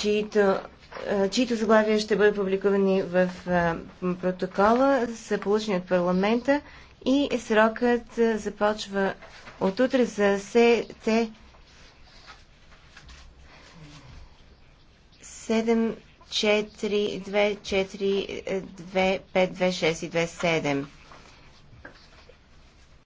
чието, чието заглавия ще бъдат публикувани в протокола, са получени от парламента и срокът започва от утре за СТ 7 4 2 4 2 5 2 6 и 2 7.